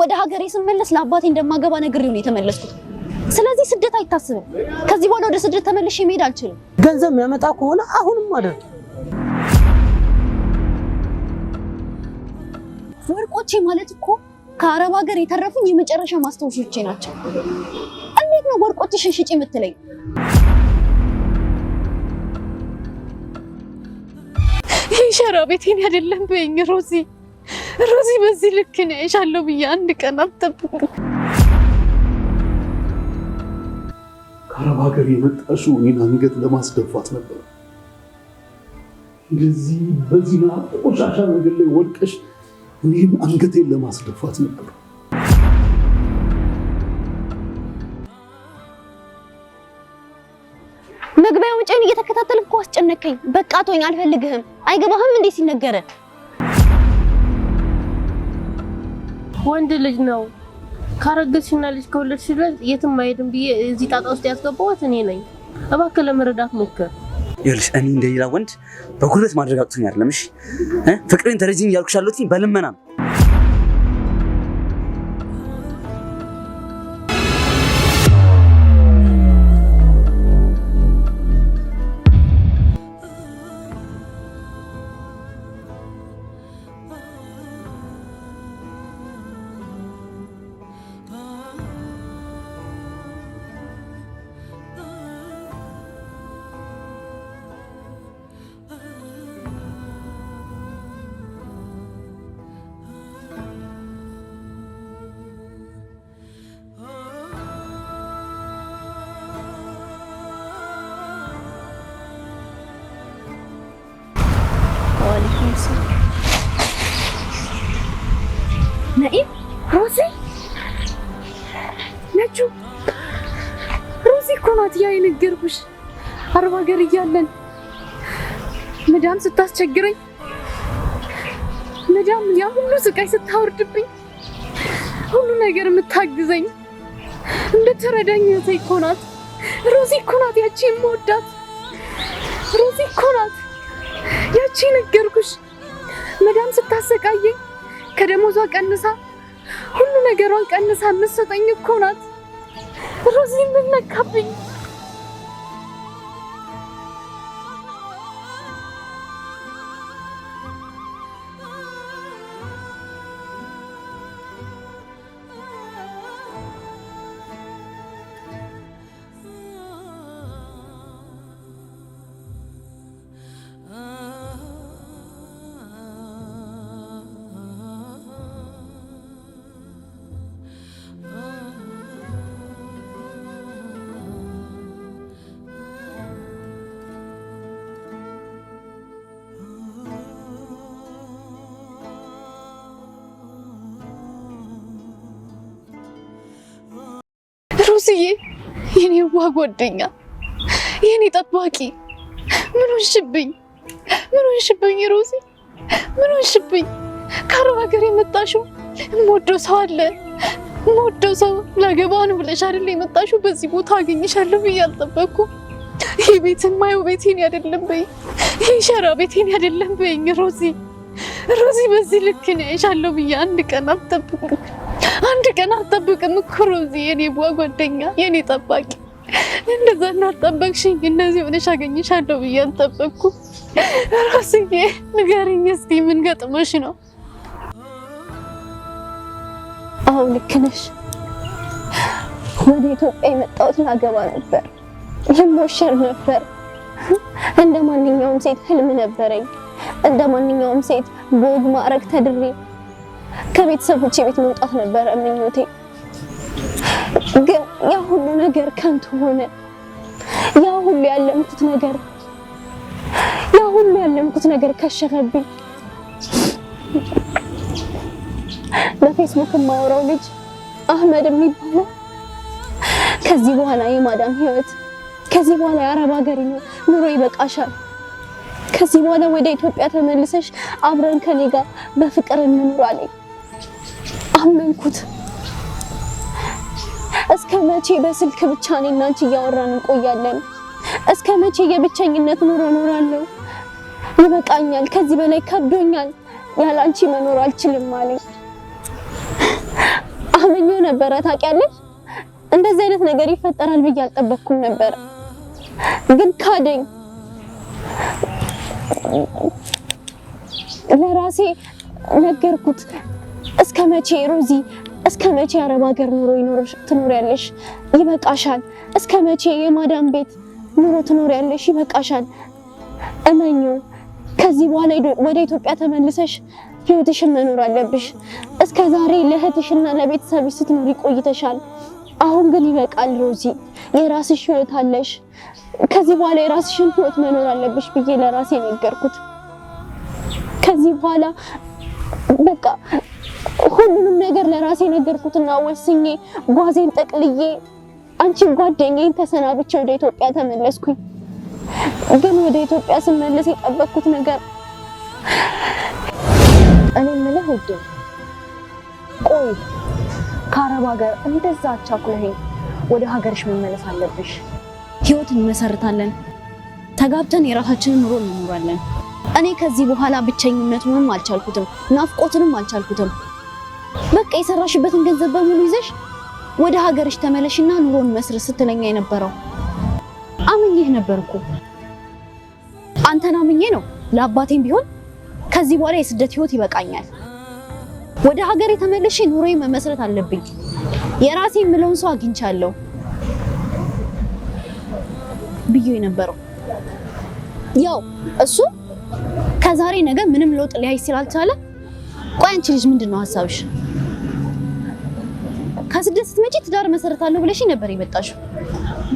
ወደ ሀገሬ ስመለስ ለአባቴ እንደማገባ ነግሬው ነው የተመለስኩት። ስለዚህ ስደት አይታስብም። ከዚህ በኋላ ወደ ስደት ተመልሼ መሄድ አልችልም። ገንዘብ የሚያመጣ ከሆነ አሁንም አደርግ። ወርቆቼ ማለት እኮ ከአረብ ሀገር የተረፉኝ የመጨረሻ ማስታወሾቼ ናቸው። እንዴት ነው ወርቆችሽን ሽጪ የምትለኝ? ይህ ሸራ ቤቴን አይደለም በኝ ሮዚ ሮዚ በዚህ ልክ ነው ያሻለው ብዬ አንድ ቀን አትጠብቁ። ከአረብ ሀገር የመጣሽው እኔን አንገት ለማስደፋት ነበር። እንደዚህ በዚህና ቆሻሻ ነገር ላይ ወድቀሽ እኔን አንገቴን ለማስደፋት ነበር። መግቢያ ውጭን እየተከታተልኩ እኮ በቃ ተወኝ፣ አልፈልግህም። አይገባህም እንዴ ሲነገረ ወንድ ልጅ ነው። ካረገዝሽና ልጅ ከወለድሽለት የትም አይሄድም ብዬ እዚህ ጣጣ ውስጥ ያስገባዋት እኔ ነኝ። እባክህ ለመረዳት ሞክር። ይኸውልሽ እኔ እንደሌላ ወንድ በጉልበት ማድረግ አቅቶኝ አይደለም። እሺ ፍቅሬን ተረጂኝ እያልኩሽ ያለሁት በልመና ነው። ነገር እያለን መዳም ስታስቸግረኝ መዳም ያ ሁሉ ስቃይ ስታወርድብኝ ሁሉ ነገር የምታግዘኝ እንድትረዳኝ እህቴ እኮ ናት። ሮዚ እኮ ናት ያቺ የምወዳት ሮዚ እኮ ናት ያቺ ነገርኩሽ። መዳም ስታሰቃየኝ ከደሞዟ ቀንሳ ሁሉ ነገሯን ቀንሳ የምትሰጠኝ እኮ ናት። ሮዚ ምን ነካብኝ? ሀንዬ የኔ ዋ ጓደኛ፣ የኔ ጠባቂ፣ ምን ሆንሽብኝ? ምን ሆንሽብኝ? ሮዚ ምን ሆንሽብኝ? ከአረብ ሀገር የመጣሽው የምወደው ሰው አለ የምወደው ሰው ላገባ ነው ብለሽ አይደለ የመጣሽው? በዚህ ቦታ አገኝሻለሁ ብዬ አልጠበኩም። ይህ ቤት የማየው ቤቴን አይደለም በይኝ፣ ይህ ሸራ ቤቴን አይደለም በይኝ። ሮዚ ሮዚ፣ በዚህ ልክ ነሽ አለው ብዬ አንድ ቀን አልጠብቅም። አንድ ቀን አትጠብቅም እኮ ሮዚ፣ የኔ ቧ ጓደኛ፣ የኔ ጠባቂ። እንደዛ እናጠበቅሽኝ እንደዚህ ሆነሽ አገኝሻለሁ ብዬ አልጠበቅኩ። ሮስዬ ንገሪኝ እስኪ ምን ገጥሞሽ ነው? አሁን ልክ ነሽ። ወደ ኢትዮጵያ የመጣሁት ላገባ ነበር፣ ልሞሸር ነበር። እንደ ማንኛውም ሴት ህልም ነበረኝ። እንደ ማንኛውም ሴት በወግ ማዕረግ ተድሬ ከቤተሰቦቼ ቤት መውጣት ነበረ ምኞቴ። ግን ያ ሁሉ ነገር ከንቱ ሆነ። ያ ሁሉ ያለምኩት ነገር ያ ሁሉ ያለምኩት ነገር ከሸፈብኝ። በፌስቡክ የማወራው ልጅ አህመድ የሚባለው ከዚህ በኋላ የማዳም ህይወት ከዚህ በኋላ የአረብ ሀገር ኑሮ ይበቃሻል። ከዚህ በኋላ ወደ ኢትዮጵያ ተመልሰሽ አብረን ከኔ ጋር በፍቅር እንኑር አለኝ። አመንኩት። እስከ መቼ በስልክ ብቻ እኔና አንቺ እያወራን እንቆያለን? እስከ መቼ የብቸኝነት ኑሮ እኖራለሁ? ይበቃኛል፣ ከዚህ በላይ ከብዶኛል፣ ያለ አንቺ መኖር አልችልም አለኝ። አመኞ ነበረ ታውቂያለሽ። እንደዚህ አይነት ነገር ይፈጠራል ብዬ አልጠበኩም ነበር ግን ካደኝ። ለራሴ ነገርኩት። እስከ መቼ ሮዚ፣ እስከ መቼ አረብ ሀገር ኑሮ ትኖሪያለሽ? ይበቃሻል። እስከ መቼ የማዳም ቤት ኑሮ ትኖሪያለሽ? ይበቃሻል። እመኙ፣ ከዚህ በኋላ ወደ ኢትዮጵያ ተመልሰሽ ህይወትሽን መኖር አለብሽ። እስከ ዛሬ ለእህትሽና ለቤተሰብሽ ስትኖሪ ቆይተሻል። አሁን ግን ይበቃል ሮዚ፣ የራስሽ ህይወት አለሽ። ከዚህ በኋላ የራስሽን ህይወት መኖር አለብሽ ብዬ ለራሴ ነገርኩት። ከዚህ በኋላ በቃ ሁሉንም ነገር ለራሴ ነገርኩትና ወስኜ ጓዜን ጠቅልዬ አንቺን ጓደኛዬን ተሰናብቼ ወደ ኢትዮጵያ ተመለስኩኝ። ግን ወደ ኢትዮጵያ ስመለስ የጠበቅኩት ነገር እኔ የምልህ ውዴ፣ ቆይ ከአረብ ሀገር እንደዛ አቻኩለኸኝ ወደ ሀገርሽ መመለስ አለብሽ። ህይወት እንመሰርታለን፣ ተጋብተን የራሳችንን ኑሮ እንኖራለን። እኔ ከዚህ በኋላ ብቸኝነቱንም አልቻልኩትም፣ ናፍቆትንም አልቻልኩትም። በቃ የሰራሽበትን ገንዘብ በሙሉ ይዘሽ ወደ ሀገርሽ ተመለሽና ኑሮን መስርት ስትለኛ የነበረው አምኜህ ነበርኩ። አንተን አምኜ ነው ለአባቴም ቢሆን ከዚህ በኋላ የስደት ህይወት ይበቃኛል፣ ወደ ሀገሬ ተመልሼ ኑሮዬ መመስረት አለብኝ፣ የራሴ የምለውን ሰው አግኝቻለሁ ብዬ የነበረው ያው እሱ ከዛሬ ነገ ምንም ለውጥ ሊያይ ስላልቻለ፣ ቆይ አንቺ ልጅ ምንድን ነው ሀሳብሽ? ስትመጪ ትዳር መሰረታለሁ ብለሽ ነበር የመጣሽው፣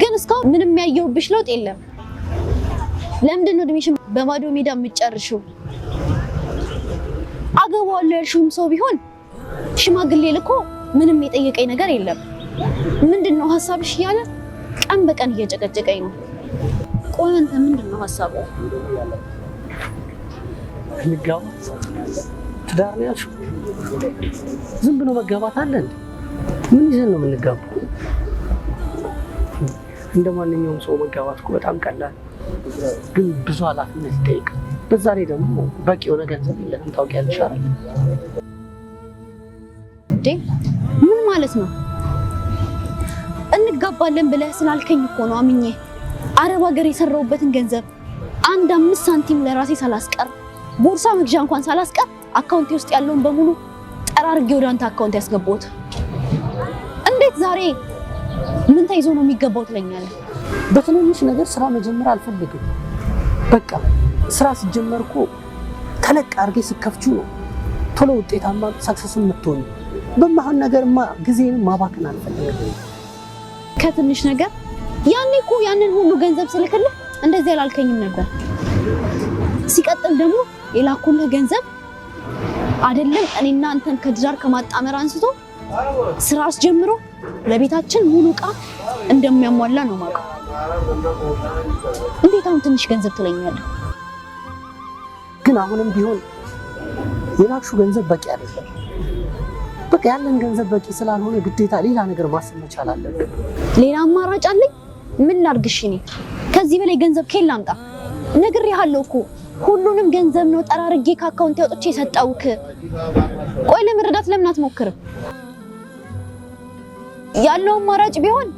ግን እስካሁን ምንም ያየሁብሽ ለውጥ የለም። ለምንድን ነው እድሜሽን በማዶ ሜዳ የምትጨርሺው? አገባዋለሁ ያልሽውም ሰው ቢሆን ሽማግሌ ልኮ ምንም የጠየቀኝ ነገር የለም። ምንድን ነው ሀሳብሽ እያለ ቀን በቀን እየጨቀጨቀኝ ነው። ቆይ አንተ ምንድን ነው ሀሳቡ? እንጋባ ትዳር ነው ያልሽው? ዝም ብሎ መጋባት አለ እንዴ? ምን ይዘን ነው የምንጋባው? እንደ ማንኛውም ሰው መጋባት እኮ በጣም ቀላል፣ ግን ብዙ ኃላፊነት ይጠይቃል። በዛ ላይ ደግሞ በቂ የሆነ ገንዘብ የለንም። ታውቂያለሽ አይደል? ምን ማለት ነው? እንጋባለን ብለህ ስላልከኝ እኮ ነው አምኜ አረብ ሀገር የሰራሁበትን ገንዘብ አንድ አምስት ሳንቲም ለራሴ ሳላስቀር ቦርሳ መግዣ እንኳን ሳላስቀር አካውንቴ ውስጥ ያለውን በሙሉ ጠራርጌ ወደ አንተ አካውንት ያስገባሁት። ዛሬ ምን ተይዞ ነው የሚገባው ትለኛለህ። በትንንሽ ነገር ስራ መጀመር አልፈልግም። በቃ ስራ ሲጀመር እኮ ተለቅ አድርጌ ስከፍቹ ነው ቶሎ ውጤታማ ሳክሰስ የምትሆኑ። በማህን ነገርማ ጊዜን ማባክን አልፈልግም። ከትንሽ ነገር ያኔ እኮ ያንን ሁሉ ገንዘብ ስልክልህ እንደዚህ አላልከኝም ነበር። ሲቀጥል ደግሞ የላኩልህ ገንዘብ አይደለም እኔና አንተን ከትዳር ከማጣመር አንስቶ ስራ አስጀምሮ ለቤታችን ሙሉ እቃ እንደሚያሟላ ነው የማውቀው። እንዴት አሁን ትንሽ ገንዘብ ትለኛለህ? ግን አሁንም ቢሆን የላክሹ ገንዘብ በቂ አይደለም። በቃ ያለን ገንዘብ በቂ ስላልሆነ ግዴታ ሌላ ነገር ማሰብ መቻል አለብን። ሌላ አማራጭ አለኝ? ምን ላድርግሽ? እኔ ከዚህ በላይ ገንዘብ ከየት ላምጣ? ነግሬሃለሁ እኮ ሁሉንም ገንዘብ ነው ጠራርጌ ከአካውንት ያወጥቼ የሰጠውክ። ቆይ ለመረዳት ለምን አትሞክርም? ያለው አማራጭ ቢሆን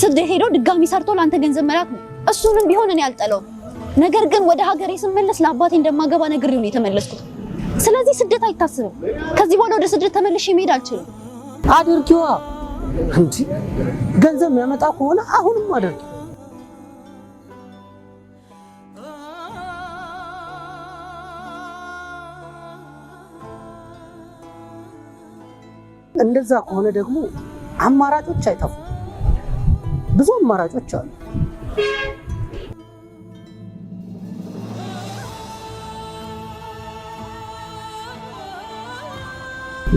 ስደት ሄዶ ድጋሚ ሰርቶ ለአንተ ገንዘብ መላክ ነው። እሱንም ቢሆን እኔ አልጠለውም። ነገር ግን ወደ ሀገሬ ስመለስ ለአባቴ እንደማገባ ነግሬው ነው የተመለስኩት። ስለዚህ ስደት አይታሰብም። ከዚህ በኋላ ወደ ስደት ተመልሼ መሄድ አልችልም። አድርጊዋ እንጂ ገንዘብ የሚያመጣ ከሆነ አሁንም አድርጊ እንደዛ ከሆነ ደግሞ አማራጮች አይጠፉም። ብዙ አማራጮች አሉ።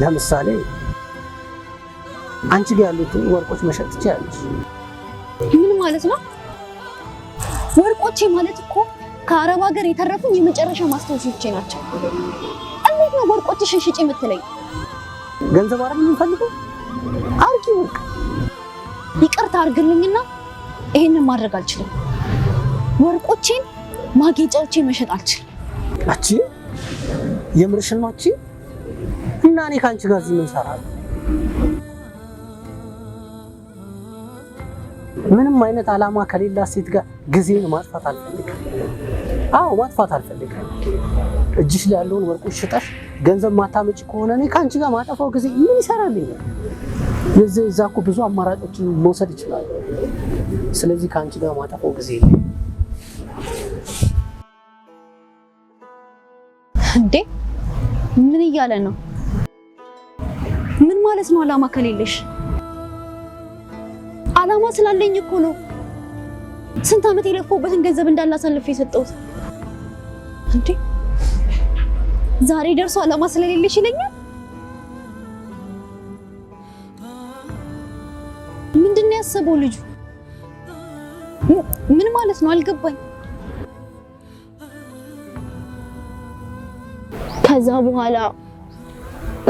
ለምሳሌ አንቺ ጋር ያሉትን ወርቆች መሸጥ ትችያለሽ። ምን ማለት ነው? ወርቆቼ ማለት እኮ ከአረብ ሀገር የተረፉኝ የመጨረሻ ማስታወሻዎቼ ናቸው። እንዴት ነው ወርቆችሽን ሽጪ የምትለኝ? ገንዘብ አረም የምንፈልገው አርጊ ወቅ ይቅርታ አርግልኝና ይሄንን ማድረግ አልችልም። ወርቆቼን ማጌጫዎቼ መሸጥ አልችልም። አቺ የምርሽን ነው? አቺ እና እኔ ከአንቺ ጋር እዚህ ምን እሰራለሁ? ምንም አይነት አላማ ከሌላ ሴት ጋር ጊዜን ማጥፋት አልፈልግም። አዎ ማጥፋት አልፈልግም። እጅሽ ላይ ያለውን ወርቁሽ ሽጠሽ ገንዘብ ማታመጭ ከሆነ እኔ ከአንቺ ጋር ማጠፋው ጊዜ ምን ይሰራል? የዚህ እዛ እኮ ብዙ አማራጮችን መውሰድ ይችላል። ስለዚህ ከአንቺ ጋር ማጠፋው ጊዜ እንዴ ምን እያለ ነው? ምን ማለት ነው? አላማ ከሌለሽ አላማ ስላለኝ እኮ ነው ስንት ዓመት የለፈውበትን ገንዘብ እንዳላሳልፍ የሰጠሁት እንዴ? ዛሬ ደርሶ አላማ ስለሌለሽ ይለኛል። ምንድን ነው ያሰበው ልጁ? ምን ማለት ነው አልገባኝ። ከዛ በኋላ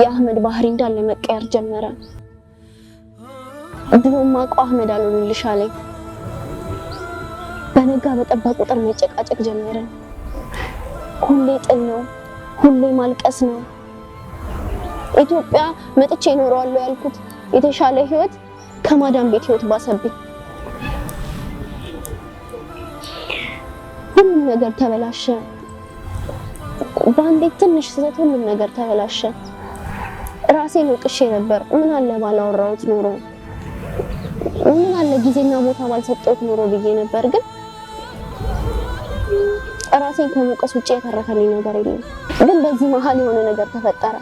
የአህመድ ባህሪ እንዳለ መቀየር ጀመረ። ድሮማ አህመድ አልሆንልሽ አለኝ። በነጋ በጠባ ቁጥር መጨቃጨቅ ጀመርን። ሁሌ ጥል ነው፣ ሁሌ ማልቀስ ነው። ኢትዮጵያ መጥቼ እኖረዋለሁ ያልኩት የተሻለ ህይወት ከማዳም ቤት ህይወት ባሰብኝ። ሁሉም ነገር ተበላሸ። በአንዴት ትንሽ ስህተት ሁሉም ነገር ተበላሸ። ራሴን ወቅሼ ነበር። ምን አለ ባላወራሁት ኖሮ፣ ምን አለ ጊዜና ቦታ ባልሰጠሁት ኖሮ ብዬ ነበር ግን ራሴን ከመውቀስ ውጭ የተረፈልኝ ነገር የለም። ግን በዚህ መሀል የሆነ ነገር ተፈጠረ።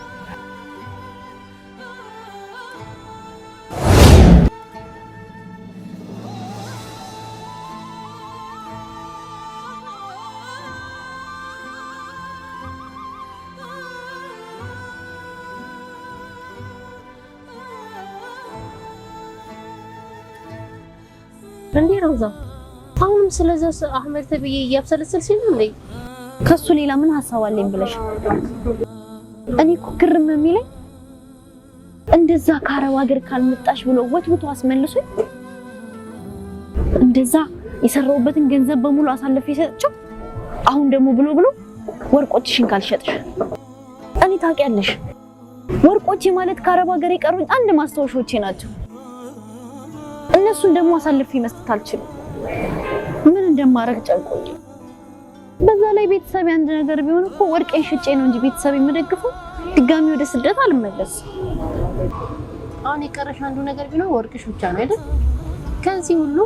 እንዴ ሮዛ አሁንም ስለዛ አህመድ ተብዬ እያብሰለስል ሲል ነው እንዴ? ከሱ ሌላ ምን ሀሳብ አለኝ ብለሽ? እኔ እኮ ግርም የሚለኝ እንደዛ ከአረብ ሀገር ካልመጣሽ ብሎ ወትውቶ አስመልሶኝ እንደዛ የሰራሁበትን ገንዘብ በሙሉ አሳልፌ የሰጥቸው አሁን ደግሞ ብሎ ብሎ ወርቆችሽን ካልሸጥሽ እኔ ታውቂያለሽ፣ ወርቆቼ ማለት ከአረብ ሀገር የቀሩኝ አንድ ማስታወሻዎቼ ናቸው። እነሱን ደግሞ አሳልፌ መስጠት አልችልም። ምን እንደማደርግ ጨንቆኝ። በዛ ላይ ቤተሰብ አንድ ነገር ቢሆን እኮ ወርቄን ሽጬ ነው እንጂ ቤተሰብ የምደግፈው ድጋሚ ወደ ስደት አልመለስም። አሁን የቀረሽ አንዱ ነገር ቢኖር ወርቅሽ ብቻ ነው አይደል? ከዚህ ሁሉ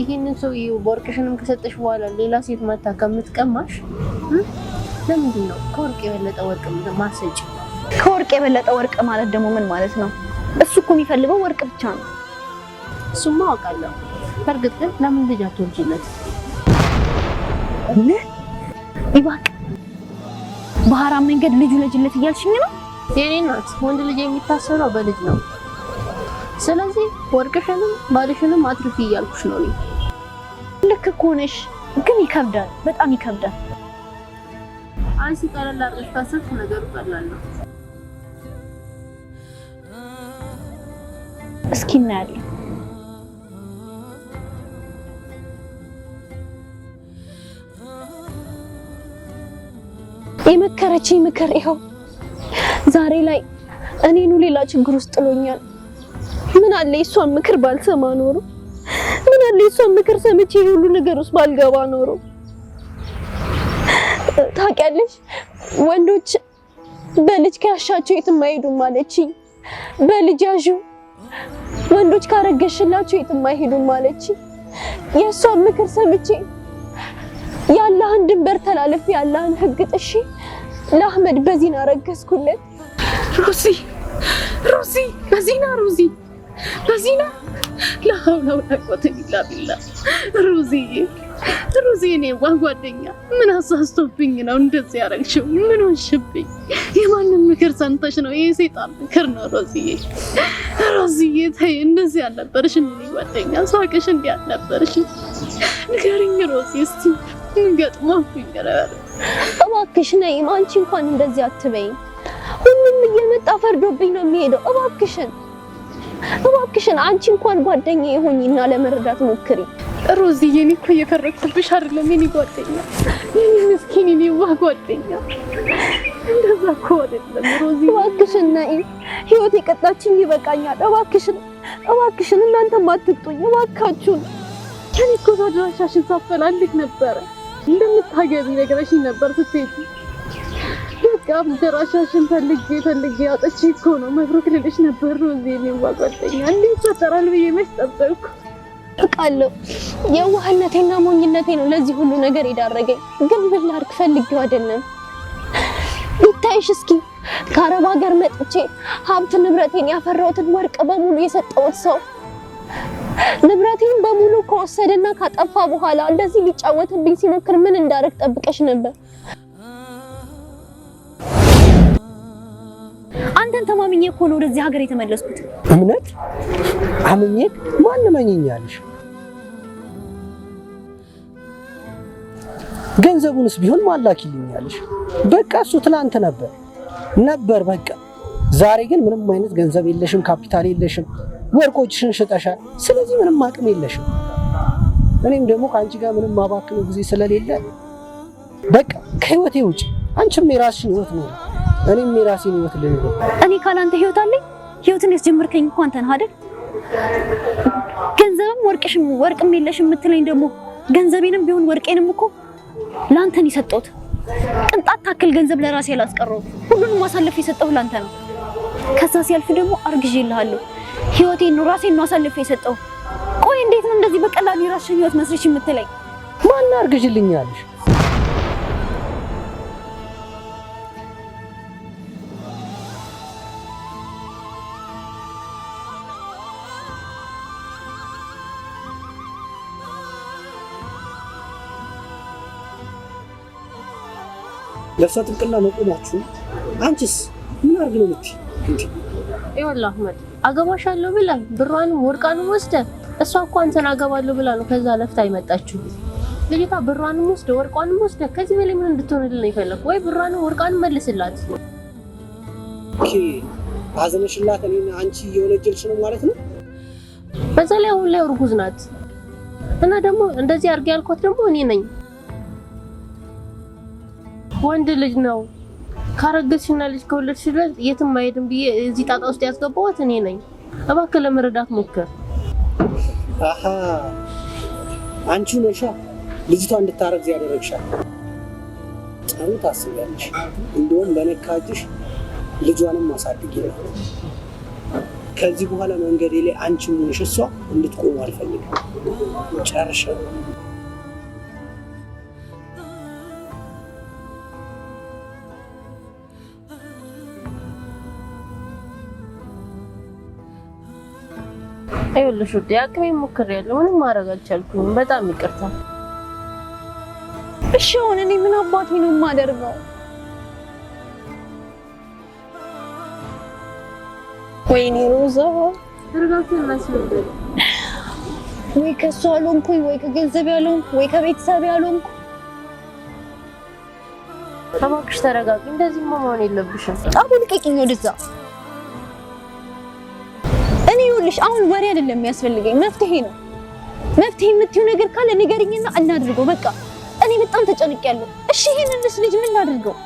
ይህንን ሰው ወርቅሽንም ከሰጠሽ በኋላ ሌላ ሴት መታ ከምትቀማሽ ለምንድን ነው ከወርቅ የበለጠ ወርቅ ማሰጭ? ከወርቅ የበለጠ ወርቅ ማለት ደግሞ ምን ማለት ነው? እሱ እኮ የሚፈልገው ወርቅ ብቻ ነው። እሱማ አውቃለሁ። በእርግጥ ግን ለምን ልጅ አትወልጂለት? ይባክ በሐራም መንገድ ልጅ ውለጅለት እያልሽኝ ነው? የኔ እናት ወንድ ልጅ የሚታሰረው በልጅ ነው። ስለዚህ ወርቅሽንም ባልሽንም አትርፊ እያልኩሽ ነው። ልክ እኮ ነሽ፣ ግን ይከብዳል፣ በጣም ይከብዳል። አንቺ ቀለል አድርገሽ ታሰብሽ፣ ነገሩ ቀላል ነው። እስኪ እናያለን። የመከረችኝ ምክር ይኸው ዛሬ ላይ እኔኑ ሌላ ችግር ውስጥ ጥሎኛል። ምን አለ የእሷን ምክር ባልሰማ ኖሮ፣ ምን አለ የሷን ምክር ሰምቼ ሁሉ ነገር ውስጥ ባልገባ ኖሮ። ታውቂያለሽ ወንዶች በልጅ ከያሻቸው የትም አይሄዱም አለችኝ። በልጅ ያዡ ወንዶች ካረገሽላቸው የትም አይሄዱም አለችኝ። የእሷን ምክር ሰምቼ የአላህን ድንበር ተላለፍ የአላህን ህግ ጥሼ ለአህመድ በዚና ረገዝኩለት። ሮዚ ሮዚ፣ በዚና ሮዚ፣ በዚና ለሀውላው ላቆት ቢላ ቢላ። ሮዚዬ ሮዚ፣ እኔ ዋ ጓደኛ፣ ምን አሳስቶብኝ ነው እንደዚህ ያረግሽው? ምን ሆንሽብኝ? የማንም ምክር ሰምተሽ ነው? ይሄ ሰይጣን ምክር ነው። ሮዚዬ ሮዚዬ፣ ተይ፣ እንደዚህ አልነበረሽም። እኔ ጓደኛ ሳቅሽ እንዲህ አልነበረሽም። ንገሪኝ ሮዚ፣ እስቲ ምን ገጥሞብኝ ነበር? እባክሽ ነይም፣ አንቺ እንኳን እንደዚህ አትበይኝ። ሁሉም እየመጣ ፈርዶብኝ ነው የሚሄደው። እባክሽን እባክሽን አንቺ እንኳን ጓደኛ የሆኝና ለመረዳት ሞክሪ። ሮዝዬ፣ እኔ እኮ እየፈረድኩብሽ አይደለም። የኔ ጓደኛ፣ የኔ ምስኪን፣ የኔ ዋህ ጓደኛ፣ እንደዛ እኮ አይደለም ሮዚ። እባክሽን ነይም፣ ህይወት የቀጣችኝ ይበቃኛል። እባክሽን እባክሽን፣ እናንተም አትጡኝ እባካችሁን። እኔ እኮ አድራሻሽን ሳፈላልግ ነበረ እንደምታገቢ ነገረሽኝ ነበር ስትሄጂ። በቃ አድራሻሽን ፈልጌ ፈልጌ አጥቼ እኮ ነው መብሩክ ልልሽ ነበር። ነው እዚህ የሚዋ ጓደኛ እንዲህ ይፈጠራል ብዬ መች ጠበቅኩ? እቃለሁ የዋህነቴና ሞኝነቴ ነው ለዚህ ሁሉ ነገር የዳረገኝ። ግን ምን ላድርግ ፈልጌው አይደለም። ይታይሽ እስኪ ከአረብ ሀገር መጥቼ ሀብት ንብረቴን ያፈራሁትን ወርቅ በሙሉ የሰጠሁት ሰው ንብረቴን በሙሉ ከወሰደና ካጠፋ በኋላ እንደዚህ ሊጫወትብኝ ሲሞክር ምን እንዳደረግ ጠብቀሽ ነበር? አንተን ተማምኜ እኮ ነው ወደዚህ ሀገር የተመለስኩት። እምነት አምኜ ማን መኝኛለሽ? ገንዘቡንስ ቢሆን ማላኪልኛለሽ? በቃ እሱ ትናንት ነበር ነበር በቃ። ዛሬ ግን ምንም አይነት ገንዘብ የለሽም፣ ካፒታል የለሽም ወርቆችሽን ሽጠሻል። ስለዚህ ምንም አቅም የለሽም። እኔም ደግሞ ከአንቺ ጋር ምንም ማባክነው ጊዜ ስለሌለ በቃ ከህይወቴ ውጭ አንቺም የራስሽን ህይወት ነው፣ እኔም የራሴን ህይወት ልንኖር። እኔ ካላንተ ህይወት አለኝ? ህይወትን ያስጀምርከኝ እኮ አንተ ነህ አይደል? ገንዘብም ወርቅሽም ወርቅም የለሽም የምትለኝ ደግሞ ገንዘቤንም ቢሆን ወርቄንም እኮ ላንተን የሰጠሁት ቅንጣት ታክል ገንዘብ ለራሴ አላስቀረሁም። ሁሉንም ማሳለፍ የሰጠሁ ላንተ ነው። ከዛ ሲያልፍ ደግሞ አርግዤልሃለሁ። ህይወቴን ነው ራሴን ነው አሳልፌ የሰጠው። ቆይ እንዴት ነው እንደዚህ በቀላሉ የራስሽን ህይወት መስርሽ የምትለኝ? ማን አርግዥልኝ ያለሽ? ለእሷ ጥብቅና መቆማችሁ አንቺስ ምን አርግ ነው ልጅ ይኸውልህ አህመድ አገባሻለሁ ብላ ብሯንም ወርቃንም ወስደ እሷ እኮ አንተን አገባለሁ ብላ ነው ከዛ ለፍታ አይመጣችሁ ልጅቷ ብሯንም ወስደ ወርቋንም ወስደ ከዚህ በላይ ምን እንድትሆንልን ነው ወይ ብሯንም ወርቃንም መልስላት ኦኬ አዘነሽላት እኔና አንቺ የወነጀልሽ ነው ማለት ነው በዛ ላይ አሁን ላይ እርጉዝ ናት እና ደግሞ እንደዚህ አድርጌ ያልኳት ደግሞ እኔ ነኝ ወንድ ልጅ ነው ካረገዝሽና ልጅ ከወለድሽ ድረስ የትም አይሄድም ብዬ እዚህ ጣጣ ውስጥ ያስገባሁት እኔ ነኝ። እባክህ ለመረዳት ሞክር። አሀ አንቺ ነሻ ልጅቷ እንድታረግዝ ያደረግሻል። ጥሩ ታስቢያለሽ። እንደውም በነካጅሽ ልጇንም ማሳድግ ነው። ከዚህ በኋላ መንገዴ ላይ አንቺ ሆንሽ እሷ እንድትቆሙ አልፈልግም። ጨርሻ ይኸውልሽ ውዴ አቅሜን ሞክሬያለሁ። ምንም ማድረግ አልቻልኩም። በጣም ይቅርታ። እሺ አሁን እኔ ምን አባቴ ነው የማደርገው? ወይኔ ሮዛ ወይ ከእሱ አልሆንኩኝ፣ ወይ ከገንዘብ ያልሆንኩ፣ ወይ ከቤተሰብ ያልሆንኩ። እባክሽ ተረጋጊ። እንደዚህ መሆን የለብሽም። አሁን ልቀቂኝ ወደዛ ይኸውልሽ አሁን ወሬ አይደለም የሚያስፈልገኝ፣ መፍትሄ ነው። መፍትሄ የምትይው ነገር ካለ ንገሪኝና እናድርገው። በቃ እኔ በጣም ተጨንቄያለሁ። እሺ ይሄንንስ ልጅ ምን ላድርገው?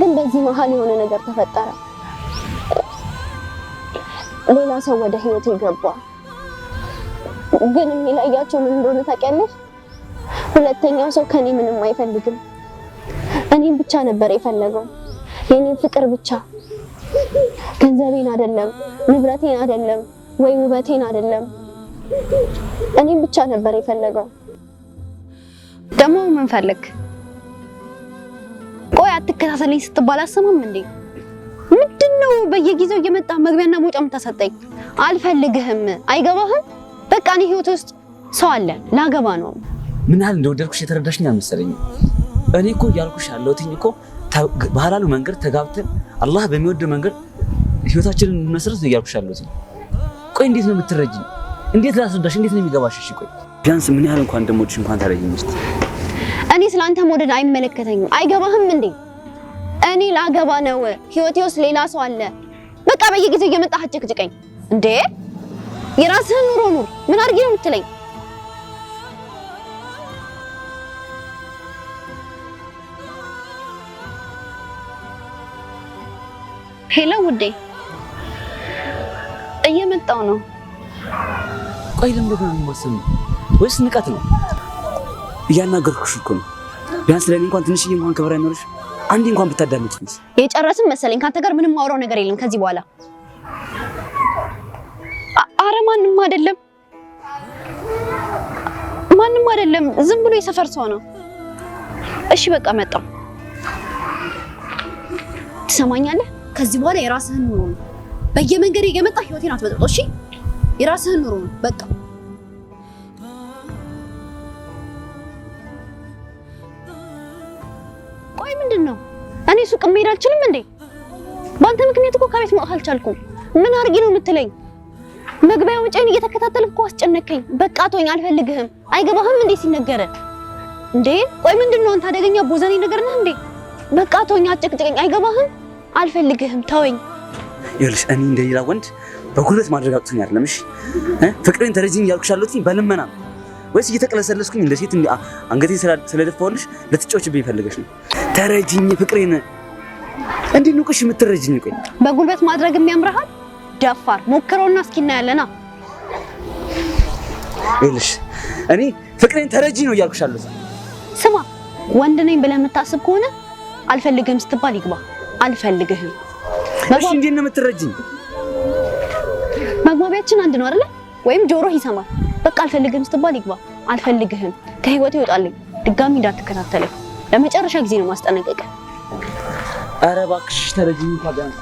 ግን በዚህ መሀል የሆነ ነገር ተፈጠረ። ሌላ ሰው ወደ ህይወቴ ገባ። ግን የሚለያቸው ምን እንደሆነ ታውቂያለሽ? ሁለተኛው ሰው ከኔ ምንም አይፈልግም። እኔም ብቻ ነበር የፈለገው የኔን ፍቅር ብቻ። ገንዘቤን አይደለም፣ ንብረቴን አይደለም፣ ወይ ውበቴን አይደለም። እኔም ብቻ ነበር የፈለገው። ደግሞ ምን ፈልግ? ቆይ አትከታተለኝ ስትባል አሰማም እንዴ? ምንድነው በየጊዜው እየመጣ መግቢያና መውጫ የምታሰጠኝ? አልፈልግህም። አይገባህም? በቃ እኔ ህይወት ውስጥ ሰው አለ ላገባ ነው። ምን ያህል እንደወደድኩሽ የተረዳሽኝ አልመሰለኝም። እኔ እኮ እያልኩሽ ያለሁትኝ እኮ ባህላዊ መንገድ ተጋብተን አላህ በሚወደው መንገድ ህይወታችንን እንመስረት ነው እያልኩሽ ያለሁትኝ። ቆይ እንዴት ነው የምትረጅኝ? እንዴት ላስረዳሽ? እንዴት ነው የሚገባሽ? እሺ ቆይ ቢያንስ ምን ያህል እንኳን እንደምወድሽ እንኳን ታረጅኝ ውስጥ እኔ ስለአንተ መውደድ አይመለከተኝም። አይገባህም እንዴ? እኔ ላገባ ነው፣ ህይወቴ ውስጥ ሌላ ሰው አለ። በቃ በየጊዜው እየመጣህ አጭቅጭቀኝ እንዴ የራስህን ኑሮ ኑር። ምን አድርጌ ነው የምትለኝ? ሄሎ ውዴ፣ እየመጣው ነው። ቆይ ለምንድን ነው የማሰማው? ወይስ ንቀት ነው? እያናገርኩሽ እኮ ነው። ቢያንስ ለእኔ እንኳን ትንሽዬ እንኳን ክብር አይኖርሽ? አንዴ እንኳን ብታዳምጪኝ። የጨረስን መሰለኝ። ከአንተ ጋር ምንም ማውራው ነገር የለም ከዚህ በኋላ ማንም አይደለም፣ ማንም አይደለም። ዝም ብሎ የሰፈር ሰው ነው። እሺ በቃ መጣ። ትሰማኛለህ? ከዚህ በኋላ የራስህን ኑሮ ነው። በየመንገድ እየመጣ ህይወቴን አትበጥብጦ። እሺ የራስህን ኑሮ ነው በቃ ቆይ ምንድን ነው? እኔ ሱቅ መሄድ አልችልም እንዴ? በአንተ ምክንያት እኮ ከቤት መውጣት አልቻልኩም። ምን አርጊ ነው የምትለኝ? መግቢያ ውጪን እየተከታተልክ እኮ አስጨነቀኝ። በቃ ቶኝ አልፈልግህም። አይገባህም እንዴ ሲነገረ እንዴ ቆይ ምንድነው አንተ አደገኛ ቦዘኔ ነገር ነህ እንዴ? በቃ ቶኝ አጨቅጭቀኝ። አይገባህም። አልፈልግህም። ተወኝ። ይኸውልሽ እኔ እንደሌላ ወንድ በጉልበት ማድረግ አቅቶኝ አይደለም። እሺ ፍቅሬን ተረጂኝ እያልኩሽ ያለሁት በልመና ነው ወይስ እየተቀለሰለስኩኝ እንደ ሴት አንገቴን ስለደፋሁልሽ ልትጫወችብኝ ፈልገሽ ነው? ተረጂኝ ፍቅሬን። እንዴት ነው የምትረጂኝ? ቆይ በጉልበት ማድረግ የሚያምርሃል? ደፋር ሞክረውና እስኪና ያለና እኔ ፍቅሬን ተረጂ ነው እያልኩሽ አለሁ። ስማ ወንድ ነኝ ብለህ የምታስብ ከሆነ አልፈልግህም ስትባል ይግባ። አልፈልግህም። እሺ እንዴት ነው የምትረጂኝ? መግባቢያችን አንድ ነው አይደለ? ወይም ጆሮህ ይሰማል። በቃ አልፈልግህም ስትባል ይግባ። አልፈልግህም፣ ከህይወት ይወጣልኝ፣ ድጋሚ እንዳትከታተለኝ። ለመጨረሻ ጊዜ ነው ማስጠነቀቀ። ኧረ እባክሽ ተረጂኝ።